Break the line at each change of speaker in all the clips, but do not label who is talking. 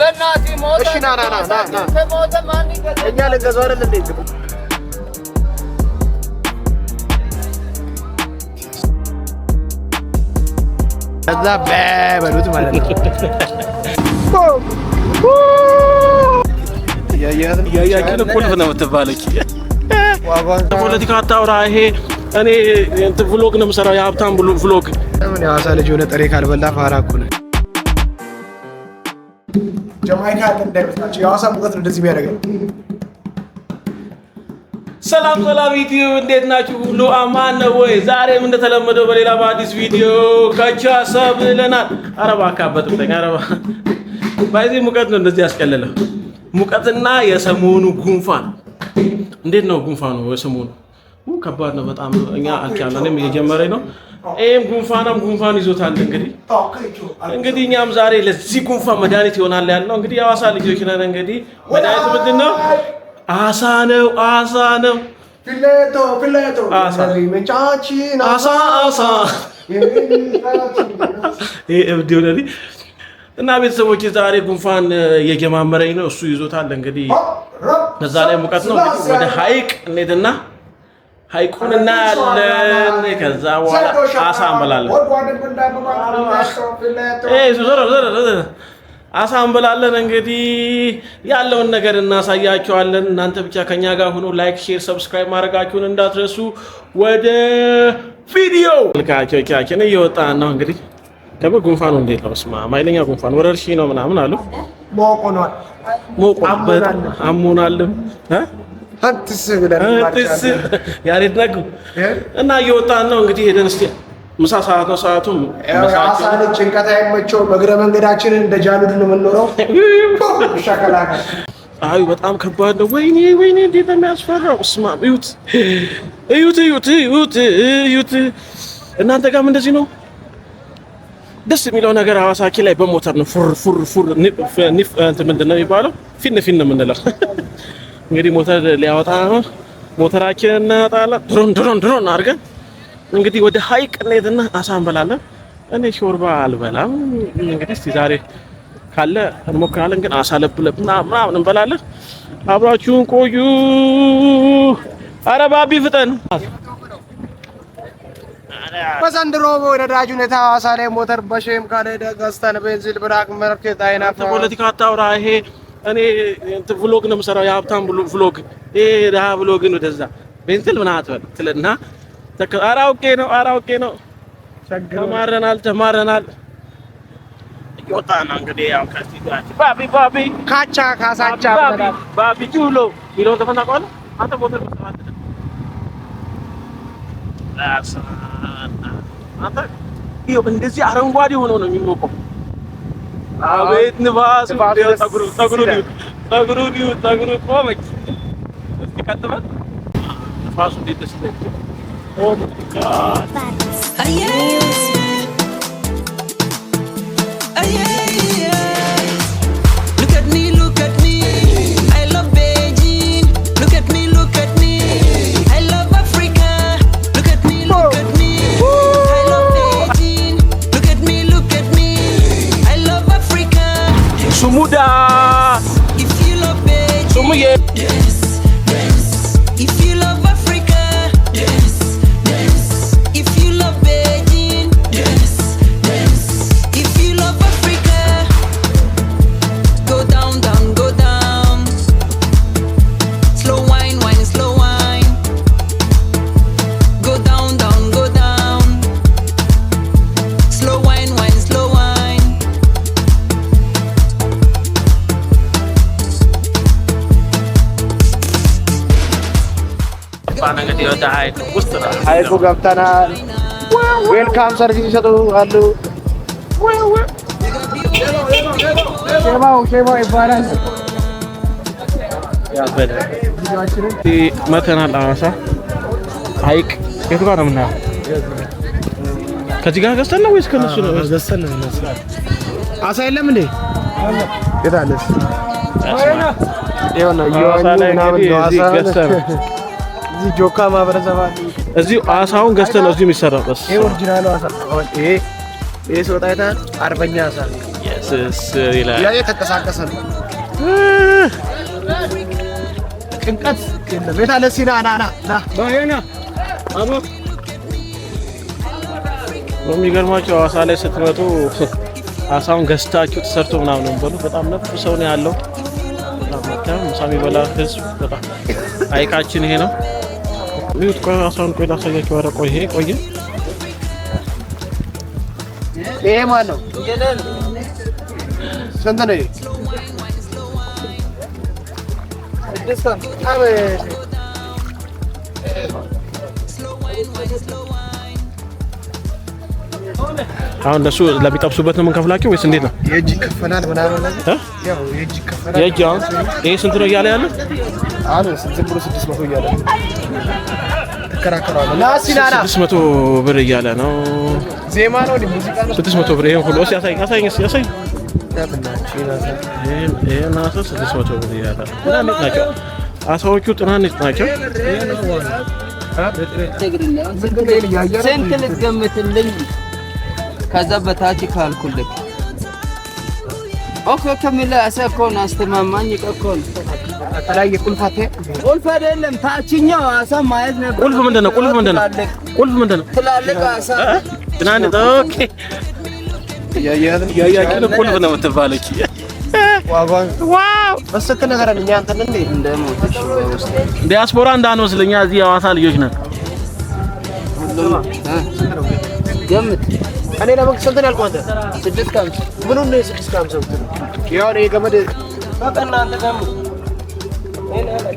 በእናቴ ሞተ።
ከዛ በበሉት ማለት ነው። ያያቅን ቁልፍ ነው የምትባለች። ፖለቲካ አታውራ። ይሄ እኔ ቭሎግ ነው የምሰራው፣ የሀብታም ቭሎግ። የሀዋሳ ልጅ የሆነ ጥሬ ካልበላ ፋራ እኮ ነህ ማይክ እንዳይመስላቸው የሐዋሳ ሙቀት ነው እንደዚህ የሚያደርገው። ሰላም ሰላም ዩቲዩብ እንዴት ናችሁ? ሁሉ አማን ነው ወይ? ዛሬም እንደተለመደው በሌላ በአዲስ ቪዲዮ ከቻሳ ብለናል። አረባ አካበት ብለኝ አረባ ባይዚህ ሙቀት ነው እንደዚህ ያስቀለለው ሙቀትና የሰሞኑ ጉንፋን እንዴት ነው ጉንፋኑ የሰሞኑ ከባድ ነው በጣም እኛ አልቻለንም። እየጀመረ ነው። ይህም ጉንፋናም ጉንፋን ይዞታል። እንግዲህ እንግዲህ እኛም ዛሬ ለዚህ ጉንፋን መድኃኒት ይሆናል ያልነው እንግዲህ የአዋሳ ልጆች ነን። እንግዲህ መድኃኒት ምንድን ነው? አሳ ነው። አሳ ነው። አሳ አሳ እና ቤተሰቦች ዛሬ ጉንፋን እየጀማመረኝ ነው። እሱ ይዞታል እንግዲህ። በዛ ላይ ሙቀት ነው። ወደ ሀይቅ እንሂድና ሐይቁን እናያለን። ከዛ በኋላ አሳ እንበላለን። አሳ እንበላለን። እንግዲህ ያለውን ነገር እናሳያቸዋለን። እናንተ ብቻ ከኛ ጋር ሆኖ ላይክ፣ ሼር፣ ሰብስክራይብ ማድረጋችሁን እንዳትረሱ። ወደ ቪዲዮ ልካቸውቻችን እየወጣን ነው። እንግዲህ ከብር ጉንፋኑ እንዴት ነው? ስማ ማይለኛ ጉንፋን ወረርሽኝ ነው ምናምን አሉ። ሞቆ ሞቆኗል፣ ሞቆ አሞናልም ያሬድነግ እና እየወጣን ነው እንግዲህ ሄደን እስኪ ምሳ ሰዓት ነው። ሰዓቱም
አሳን ጭንቀት አይመቸው። በእግረ መንገዳችንን እንደ ጃሉድ ነው የምንኖረው።
አዩ በጣም ከባድ ነው። ወይኔ ወይኔ፣ እንዴት ነው የሚያስፈራው! ስማ፣ እዩት እዩት እዩት እዩት እዩት። እናንተ ጋርም እንደዚህ ነው። ደስ የሚለው ነገር ሐዋሳኪ ላይ በሞተር ነው ፉር ፉር ፉር። ምንድን ነው የሚባለው? ፊን ፊን ነው የምንለው እንግዲህ ሞተር ሊያወጣ ነው። ሞተራችን እናወጣለን። ድሮን ድሮን ድሮን አድርገን እንግዲህ ወደ ሀይቅ እንሄድና አሳ እንበላለን። እኔ ሾርባ አልበላም። እንግዲህ እስቲ ዛሬ ካለ እንሞክራለን፣ ግን አሳ ለብ ምናምን እንበላለን። አብራችሁን ቆዩ። አረ ባቢ ፍጠን።
በዘንድሮ ወደዳጅ ሁኔታ ሀዋሳ ላይ ሞተር በሼም ካልሄደ ገዝተን ቤንዚል ብራክ መርኬት አይናት
ፖለቲካ አታውራ ይሄ እኔ ቭሎግ ነው የምሰራው፣ የሀብታም ቭሎግ፣ ይሄ ድሀ ቭሎግን ወደዛ ቤንትል ምን አትበል ትልና አራውቄ ነው አራውቄ ነው ተማረናል ተማረናል።
ወጣ ነው እንግዲህ ያው ባቢ ባቢ
ካቻ ካሳቻ
ባቢ ጁሎ ሚለው ተፈናቀለ አንተ ቦታ አንተ እንደዚህ አረንጓዴ ሆኖ ነው የሚሞቀው आवेद निवास देव सगुरु सगुरु न्यू सगुरु न्यू सगुरु को बच उसकी कत्तम फास दी तस्ते ओ गॉड अये अये
ገባን እንግዲህ ወደ ሀይቁ ውስጥ ነው።
ሀይቁ ገብተናል። ዌልካም ሰርቪስ ይሰጡ አሉ። ሼማው ይባላል።
መተናል አዋሳ ሀይቅ የቱ ጋር ነው የምናየው? ከዚህ ጋር ገዝተን ነው ወይስ ከነሱ ነው ገዝተን ነው? አሳ የለም እንዴ?
የት አለ? ይኸው ነው እየዋኙ ምናምን ነው አሳ እዚህ ጆካ ማህበረሰብ አለ።
እዚሁ አሳውን ገዝተህ ነው እዚሁ የሚሰራው።
በስ ይሄ ኦሪጂናሉ አሳ ይሄ ይሄ ሲወጣ አይተሃል? አርበኛ አሳ የስስ ይላል። ያ የተንቀሳቀሰ ነው። ጭንቀት የለም። ቤት አለ ሲና ና ና ና
አቦ የሚገርማቸው አሳ ላይ ስትመጡ አሳውን ገዝታችሁ ተሰርቶ ምናምን ነው የሚበሉት። በጣም ነፍ ሰው ነው ያለው። ምሳ የሚበላ ህዝብ በጣም አይቃችን ይሄ ነው። እዩት። ቆይ ራሷን ቆይ ላሳያችሁ። ኧረ ቆይ ይሄ ቆይ
ይሄ ማን ነው? ስንት ነው?
አሁን ለሱ ለሚጠብሱበት ነው የምንከፍላቸው ወይስ እንዴት ነው?
የእጅ ይከፈላል ምናምን ነገር ያው የእጅ
ይከፈላል። አሁን ይሄ ስንት ነው እያለ ያለ
አሁን ስንት ስድስት መቶ እያለ
ስድስት መቶ ብር እያለ ነው።
ዜማ ነው ሙዚቃ
ነው። ስድስት መቶ ብር ይሄን ሁሉ ያሳይ ያሳይ ያሳይ ስድስት መቶ ብር እያለ ትናንት ናቸው አሳዎቹ፣ ትናንት ናቸው።
ስንት ልትገምትልኝ? ከዛ በታች ካልኩልክ ኦኬ ከሚለ አሳ አስተማማኝ እኮ ከላይ ቁልፍ አትሄ ቁልፍ አይደለም፣ ታችኛው አሳ ማየት ነበር።
ቁልፍ ምንድን ነው? ቁልፍ ምንድን ነው? ቁልፍ ምንድን ነው?
ትላልቅ አሳ
ትናንት። ኦኬ ቁልፍ ነው የምትባለች። ዲያስፖራ እንዳንወስድ እኛ እዚህ የሐዋሳ ልጆች ነን።
ገምት እኔ እንትን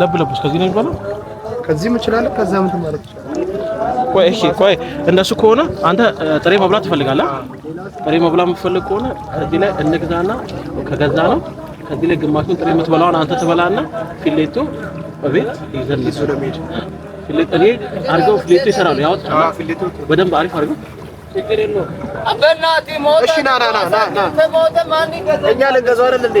ለብ ለብ እስከዚህ ነው የሚባለው።
ከዚህ ምችላለ ከዛ ምን ማለት ይችላል?
ቆይ እሺ፣ ቆይ እንደሱ ከሆነ አንተ ጥሬ መብላት ትፈልጋለህ? ጥሬ መብላት የምትፈልግ ከሆነ ከዚህ ላይ እንግዛና ከገዛ ነው ከዚህ ላይ ግማሹን ጥሬ የምትበላውን አንተ ትበላና ፊሌቱ በቤት ይዘልሱ ለሚሄድ ፊሌቶ እኔ አድርገው ፊሌቱ ይሰራሉ። ያው ፊሌቶ በደንብ አሪፍ አድርገው
እኛ ልንገዛው አይደል እንዴ?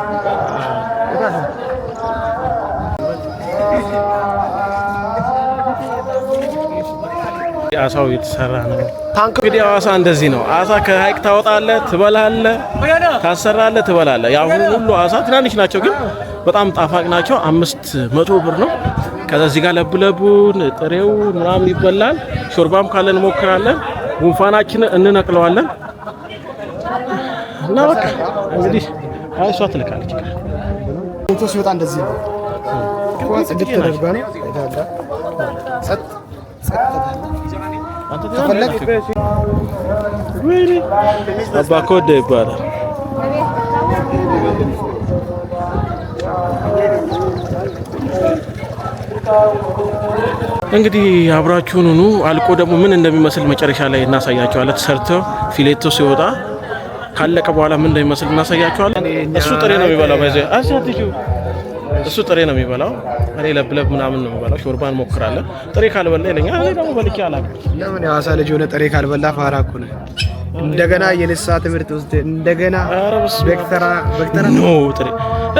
አሳው የተሰራ ነው። እንግዲህ አዋሳ እንደዚህ ነው። አሳ ከሀይቅ ታወጣለህ፣ ትበላለ ታሰራለህ፣ ትበላለ የአሁኑ ሁሉ አሳ ትናንሽ ናቸው፣ ግን በጣም ጣፋቅ ናቸው። አምስት መቶ ብር ነው። ከዛ ጋር ለብለቡን ጥሬው ምናምን ይበላል። ሾርባም ካለን እንሞክራለን። ጉንፋናችን እንነቅለዋለን። እና በቃ እንግዲህ እሷ ትልካለች።
ሲወጣ እንደዚህ ነው። ጽድት ተደርጓ ነው።
አባ ኮደ ይባላል። እንግዲህ አብራችሁን ሁኑ። አልቆ ደግሞ ምን እንደሚመስል መጨረሻ ላይ እናሳያቸዋለን። ሰርቶ ፊሌቶ ሲወጣ ካለቀ በኋላ ምን እንደሚመስል እናሳያቸዋለን። እሱ ጥሬ ነው የሚበላው እሱ ጥሬ ነው የሚበላው። እኔ ለብለብ ምናምን ነው የሚበላው። ሾርባን እንሞክራለን። ጥሬ ካልበላ ይለኛል። እኔ ደግሞ በልኬ አላውቅም።
ለምን የሐዋሳ ልጅ የሆነ ጥሬ ካልበላ ፋራ እኮ ነህ። እንደገና የልሳ ትምህርት ውስጥ እንደገና በክተራ በክተራ
ኖ ጥሬ።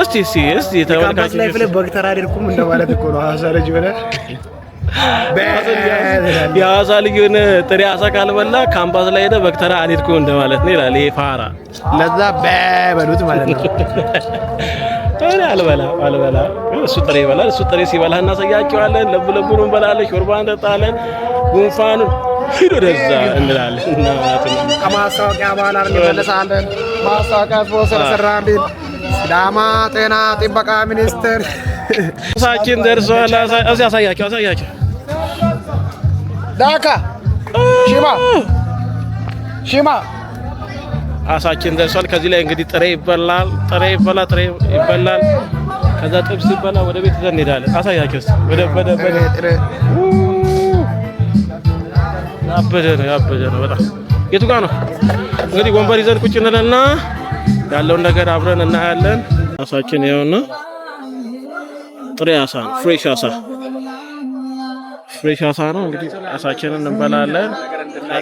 እስቲ እስቲ እስቲ
ተወልካችሁ ላይ ፍለ በክተራ አይደልኩም እንደማለት እኮ ነው። ሐዋሳ ልጅ የሆነ
የሐዋሳ ልጅ ጥሬ አሳ ካልበላ ካምፓስ ላይ ሄደ በክተራ አልሄድኩም እንደማለት ነው ይላል። ይሄ ፋራ ለዛ በሉት ማለት ነው። አልበላ አልበላ እሱ ጥሬ ይበላል። እሱ ጥሬ ሲበላ እናሳያቸዋለን። ለቡ ለቡን እንበላለን፣ ሾርባ እንጠጣለን። ጉንፋኑ ሂዶ ደዛ እንላለን።
ከማስታወቂያ በኋላ እንመለሳለን። ማስታወቂያ ስፖንሰር ሲዳማ ጤና ጥበቃ ሚኒስቴር
ሳችን ደርሷል። አሳያቸው አሳያቸው
ዳካ ሺማ ሺማ
አሳችን ደርሷል። ከዚህ ላይ እንግዲህ ጥሬ ይበላል፣ ጥሬ ይበላል፣ ጥሬ ይበላል። ከዛ ጥብስ ይበላ ወደ ቤት ይዘን እንሄዳለን። አሳያችሁስ ወደ ወደ ያበደ ነው ያበደ ነው በጣም የቱ ጋር ነው እንግዲህ ወንበር ይዘን ቁጭ እንለና ያለውን ነገር አብረን እናያለን። አሳችን ይኸውና ጥሬ አሳ ፍሬሽ አሳ ፍሬሽ አሳ ነው እንግዲህ አሳችንን እንበላለን።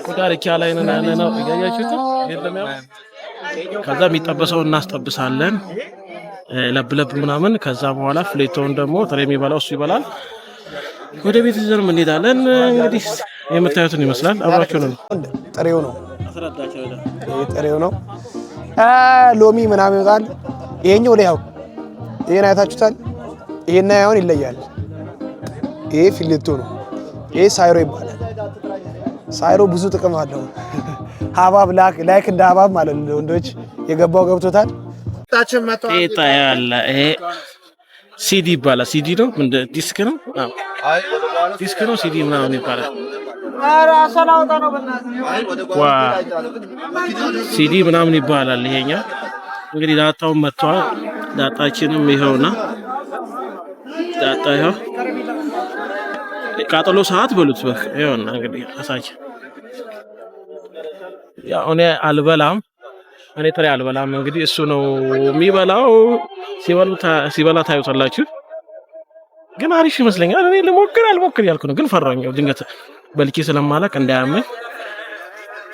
ቆዳ ርኪ ላይ ያለ ነው እያያችሁት። ከዛ የሚጠበሰው እናስጠብሳለን ለብለብ ምናምን። ከዛ በኋላ ፍሌቶውን ደግሞ ተለይ የሚበላው እሱ ይበላል። ወደ ቤት ይዘን እንሄዳለን። እንግዲህ የምታዩትን ይመስላል። አብራችሁ ነው።
ጥሬው ነው ጥሬው ነው። ሎሚ ምናምን ይወጣል። ይሄኛው ላይ ያው ይሄን አይታችሁታል። ይሄና ያሁን ይለያል። ይሄ ፊሌቶ ነው። ይሄ ሳይሮ ይባላል። ሳይሮ ብዙ ጥቅም አለው። ሀባብ ላይክ እንደ ሀባብ ማለት ነው። ወንዶች የገባው ገብቶታል።
ያለ ይሄ ሲዲ ይባላል። ሲዲ ነው፣ ዲስክ ነው፣ ዲስክ ነው፣ ሲዲ ምናምን ይባላል። ሲዲ ምናምን ይባላል። ይሄኛ እንግዲህ ዳታውን መጥተዋል። ዳታችንም ይኸውና ጣጣ ይኸው ቃጠሎ ሰዓት በሉት በቃ ይሆን እንግዲህ አሳች ያው እኔ አልበላም፣ እኔ ተሪ አልበላም። እንግዲህ እሱ ነው የሚበላው። ሲበላ ታዩታላችሁ። ግን አሪፍ ይመስለኛል። እኔ ልሞክር አልሞክር ያልኩ ነው፣ ግን ፈራሁኝ። ድንገት በልቼ ስለማላቅ እንዳያመኝ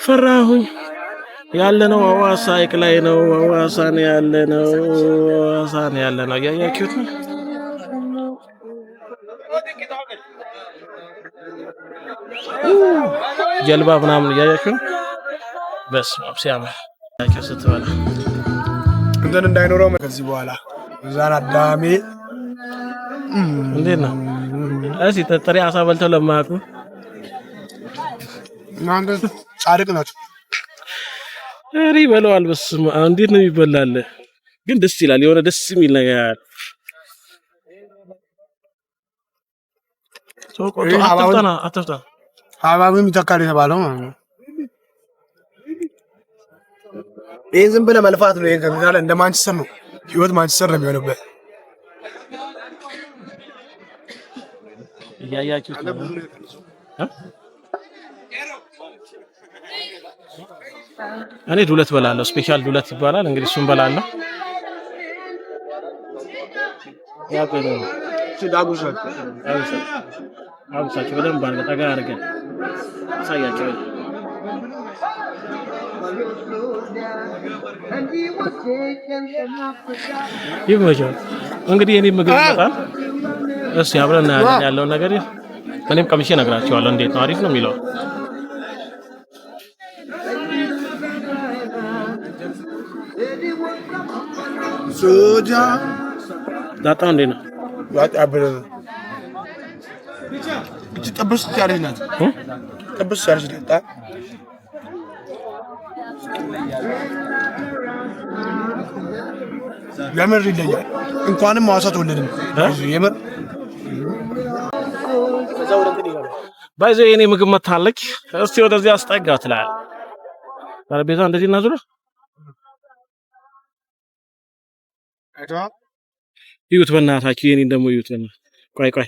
ፈራሁኝ። ያለ ነው ሐዋሳ ሐይቅ ላይ ነው። ሐዋሳ ነው ያለ ነው። ሐዋሳ ነው ያለ ነው። እያያችሁት ነው ጀልባ ምናምን እያያችሁ በስመ አብ ሲያምር ስትበላ
እንትን እንዳይኖረው ከዚህ በኋላ እዛን አዳሜ
እንዴት ነው? እስኪ ጥሬ አሳ በልተው ለማያውቁ
እናንተ ጻድቅ ናቸው።
ሪ በለዋል። በስመ አብ እንዴት ነው ይበላል? ግን ደስ ይላል። የሆነ ደስ የሚል ነገር
ሀባብ የሚተካል የተባለው ማለት ነው። ይህ ዝም ብለህ መልፋት ነው። ይህ እንደ ማንቸስተር ነው ህይወት ማንቸስተር ነው የሚሆንበት።
እኔ ዱለት በላለሁ። ስፔሻል ዱለት ይባላል እንግዲህ እሱን በላለሁ። ያ አብሳቸው በደንብ አድርገ ጠጋ አድርገን አሳያቸው። ይመቸው እንግዲህ የኔ ምግብ ይመጣል። እስ አብረን እናያለን ያለውን ነገር እኔም ቀምሼ እነግራቸዋለሁ። እንዴት ነው አሪፍ ነው የሚለው ሶጃ ዳጣ እንዴት ነው?
እጅ ጥብስ ያለች ናት። ጥብስ ያለች የምር ይለያል። እንኳንም ሐዋሳ ተወለድን የምር
ባይዘ የኔ ምግብ መታለች። እስቲ ወደዚህ አስጠጋ ትላል ጠረጴዛ እንደዚህ በእናታችሁ የኔን ደግሞ ቆይ ቆይ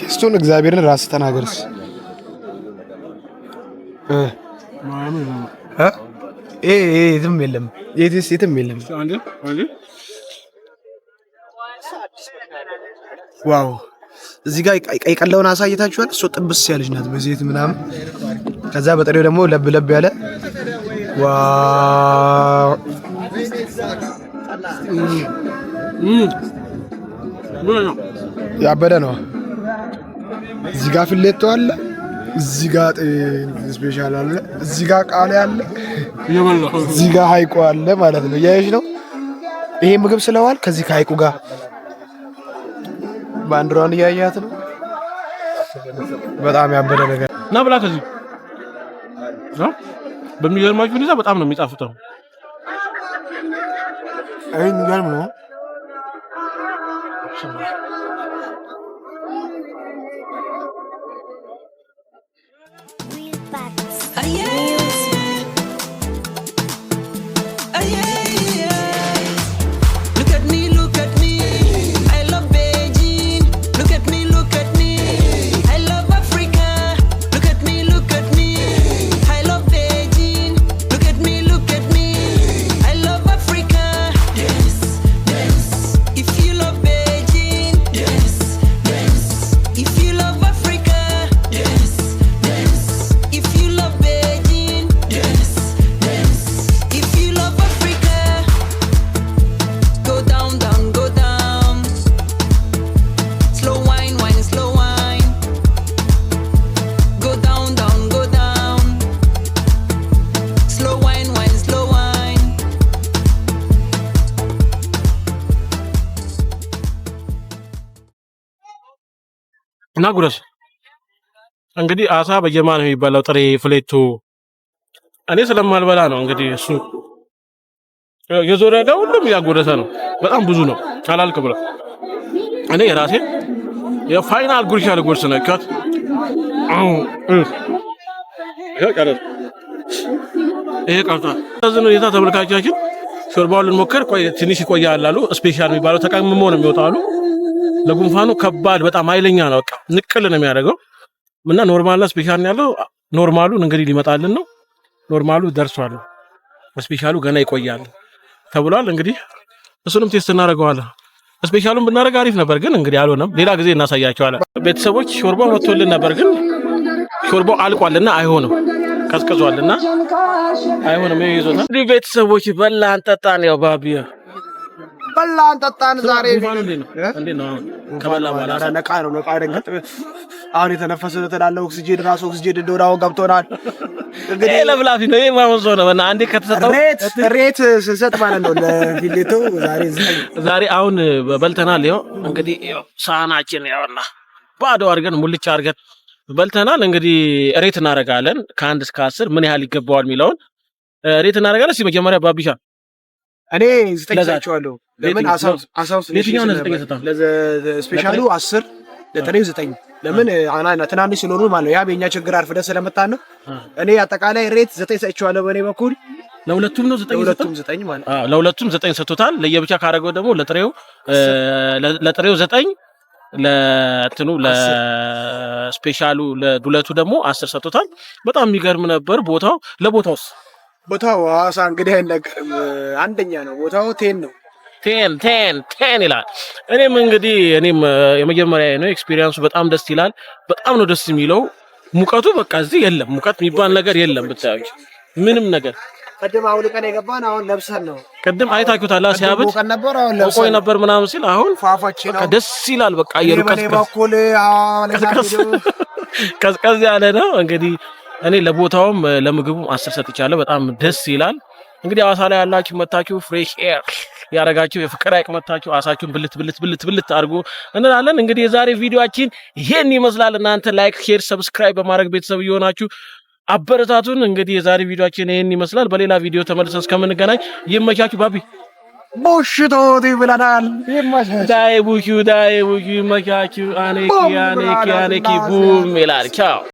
ቴስቱን እግዚአብሔርን ራስ ተናገርስ የትም የለም፣ የትም የለም። ዋው እዚህ ጋር ቀይ ቀለውን አሳይታችኋል። እሱ ጥብስ ያለች ናት በዘይት ምናምን፣ ከዛ በጥሬው ደግሞ ለብ ለብ ያለ
ያበደ ነው። እዚህ ጋር ፍሌቶ አለ፣ እዚህ ጋር ስፔሻል አለ፣ እዚህ ጋር ቃሌ አለ፣ እዚህ ጋር ሀይቁ አለ ማለት ነው። እያየሽ ነው። ይሄ ምግብ ስለዋል ከዚህ ከሀይቁ ጋር ባንዲራውን እያያት ነው። በጣም ያበደ ነገር
እና ብላ ከዚህ በሚገርማችሁ ሁኔታ በጣም ነው የሚጣፍጠው።
ይህ የሚገርም ነው።
እና ጉረስ እንግዲህ አሳ በጀማ ነው የሚባለው። ጥሬ ፍሌቶ እኔ ስለማልበላ ነው እንግዲህ እሱ የዞረ ሁሉም እያጎረሰ ነው። በጣም ብዙ ነው አላልክ ብለ እኔ የራሴ የፋይናል ጉርሻ ልጎርስ ነው kat ይሄ ቀርቷል። ስለዚህ ሁኔታ ተመልካቻችን ሾርባውን ልንሞክር ትንሽ ይቆያል አሉ። ስፔሻል የሚባለው ተቀምሞ ነው የሚወጣሉ ለጉንፋኑ ከባድ በጣም ኃይለኛ ነው። በቃ ንቅል ነው የሚያደርገው እና ኖርማልና ስፔሻል ያለው ኖርማሉን እንግዲህ ሊመጣልን ነው። ኖርማሉ ደርሷል፣ ስፔሻሉ ገና ይቆያል ተብሏል። እንግዲህ እሱንም ቴስት እናደርገዋለን። ስፔሻሉን ብናደርግ አሪፍ ነበር፣ ግን እንግዲህ አልሆነም። ሌላ ጊዜ እናሳያቸዋለን። ቤተሰቦች ሾርባው መጥቶልን ነበር፣ ግን ሾርባው አልቋልና አይሆንም ቀዝቅዟልና አይሆንም። ይዞታል ቤተሰቦች በላን ጠጣን ያው ባቢ
በላን ጠጣን። ዛሬ ነቃ ነው ነቃ ደንገጥ። አሁን የተነፈሰ ተላለ ኦክሲጂን ራሱ እንደሆነ አሁን ገብቶናል።
እንግዲህ ነው ይሄ ነው እና አንዴ ከተሰጠው
ሬት ሬት ስንሰጥ ማለት ነው ለፊሌቶ ዛሬ
ዛሬ አሁን በልተናል። ይኸው እንግዲህ ሳህናችን ያውና ባዶ አድርገን ሙልቻ አድርገን በልተናል። እንግዲህ ሬት እናደርጋለን ከአንድ እስከ አስር ምን ያህል ይገባዋል የሚለውን ሬት እናደርጋለን። እስኪ መጀመሪያ ባቢሻ
እኔ ዘጠኝ ሰጥቼዋለሁ። ለምን የትኛውን ዘጠኝ ሰጠው? ስፔሻሉ አስር ለጥሬው ዘጠኝ ለምን ትናንሽ ስለሆኑ ማለት ነው። ያም የኛ ችግር አርፍደን ስለመጣን ነው። እኔ አጠቃላይ ሬት ዘጠኝ ሰጥቼዋለሁ በእኔ በኩል
ለሁለቱም ነው ዘጠኝ ዘጠኝ ማለት ለሁለቱም ዘጠኝ ሰጥቶታል። ለየብቻ ካደረገው ደግሞ ለጥሬው ለጥሬው ዘጠኝ ለትኑ ለስፔሻሉ ለዱለቱ ደግሞ አስር ሰጥቶታል። በጣም የሚገርም ነበር ቦታው ለቦታውስ
ቦታው ሐዋሳ እንግዲህ አይነገርም። አንደኛ ነው ቦታው ቴን ነው።
ቴን ቴን ቴን ይላል። እኔም እንግዲህ እኔም የመጀመሪያ ነው ኤክስፒሪየንሱ በጣም ደስ ይላል። በጣም ነው ደስ የሚለው። ሙቀቱ በቃ እዚህ የለም፣ ሙቀት የሚባል ነገር የለም። ብታዩ ምንም ነገር
ቅድም አውልቀን የገባን አሁን ለብሰን ነው።
ቅድም አይታችሁታል። ሲያብድ
ቆይ ነበር ምናምን ሲል አሁን ነው። ደስ ይላል። በቃ አየሩ ቀዝቀዝ
ቀዝቀዝ ያለ ነው እንግዲህ እኔ ለቦታውም ለምግቡም አስር ሰጥቻለሁ። በጣም ደስ ይላል። እንግዲህ አዋሳ ላይ ያላችሁ መታችሁ ፍሬሽ ኤር ያረጋችሁ የፍቅር አይቅ መታችሁ አሳችሁን ብልት ብልት ብልት ብልት አድርጉ እንላለን። እንግዲህ የዛሬ ቪዲዮችን ይሄን ይመስላል። እናንተ ላይክ፣ ሼር፣ ሰብስክራይብ በማድረግ ቤተሰብ እየሆናችሁ አበረታቱን። እንግዲህ የዛሬ ቪዲዮችን ይሄን ይመስላል። በሌላ ቪዲዮ ተመልሰን እስከምንገናኝ ይመቻችሁ። ባቢ
ቡሽቶት ይብለናል።
ዳይ ቡኪ ዳይ ቡኪ ይመቻችሁ። አኔኪ አኔኪ አኔኪ ቡም ይላል። ቻው